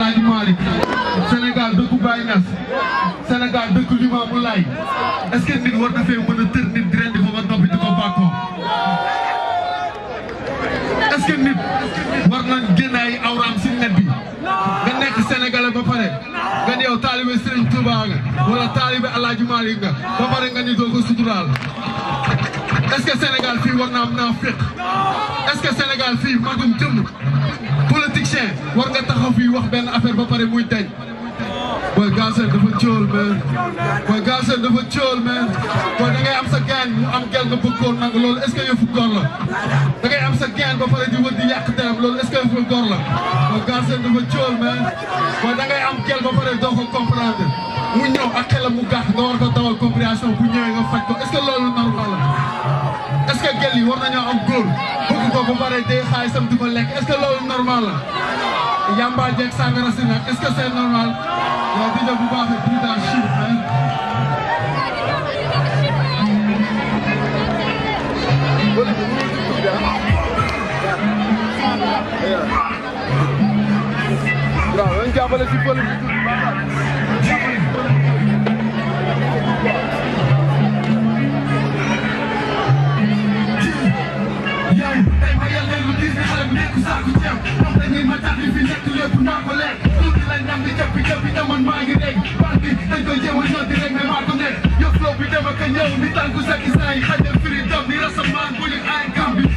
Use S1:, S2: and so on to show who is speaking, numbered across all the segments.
S1: Alaaji Malick dëkku Baye Niass dëkku Limaamu Laay est-ce que nit war na fee a tër nit di rendi ba noppi di ko que nit war na génn ay awraam si net nga nekk sénégalais ba pare nga ne yow taalibe Serigne Touba nga wala taalibe Alaaji Malick nga ba pare nga ni doo ko suturaal politicien war nga taxaw fii wax benn affaire ba pare muy dañ booy Galsen dafa cool man booy Galsen dafa cool man booy da ngay am sa gaañ mu am gel nga bëgg koo nangu loolu est-ce que yëfu góor la da ngay am sa gaañ ba pare di wër di yàq teram loolu est-ce que yëfu góor la booy Galsen dafa cool man booy da ngay am gel ba pare doo ko comprendre mu ñëw ak xelam mu gàtt nga war ko dawal compréhension bu ñëwee nga faj ko day day xaalisam di ko lekk est-ce que loolu normal la yamba jeeg sangara si nag est-ce que c'est normal yow di bu baax ak président Chine. waaw nañu jàppale si pël bi leen ñam di jëpp jëpp te man maa rek parti dañ koy jéem a ñëw di rek mais maa bi dem ak a ñëw ni tànku sa gis naa yi xajal firi dam ni rasamaan bu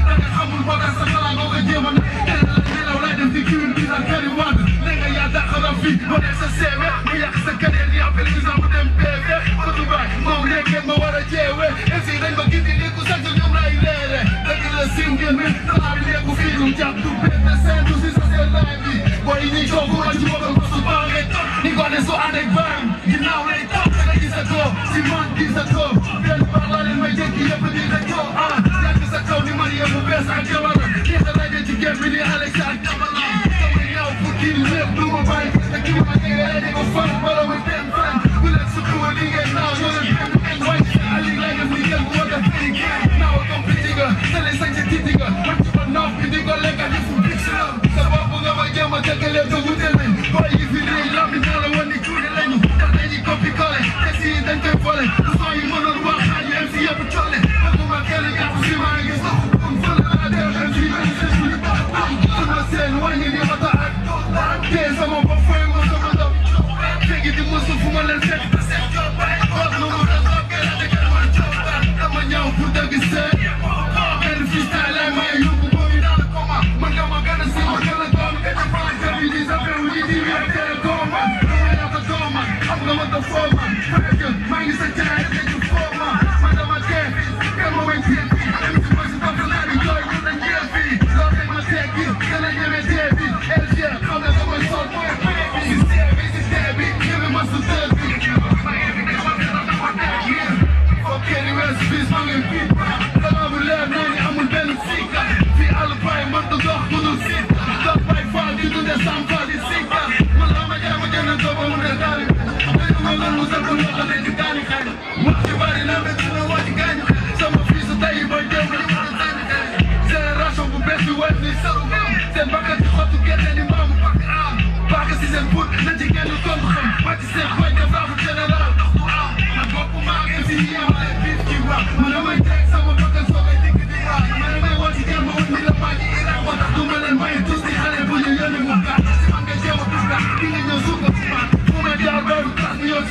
S1: Hallelujah.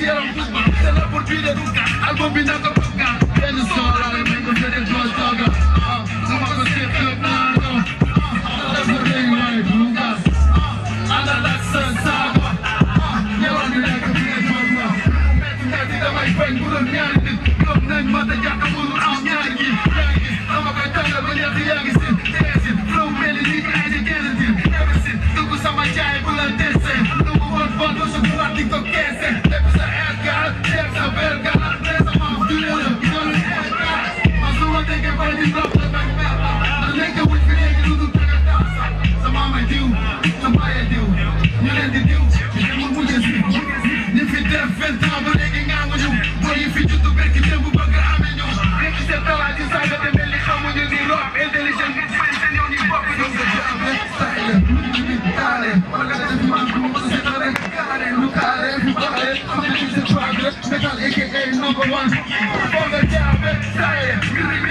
S1: hicieron culpa Se a bobina educa al combinato só Tienes sola, el amigo tiene tu alzaga Como concepto plano Nada por bien, no hay nunca Anda la sensagua Lleva mi like a big mama Medida mais bem por a minha Não nem mata já que mudo a minha aqui Ama cantando, velha de yang sin Tese, tu com Tu com ones from the Galveston.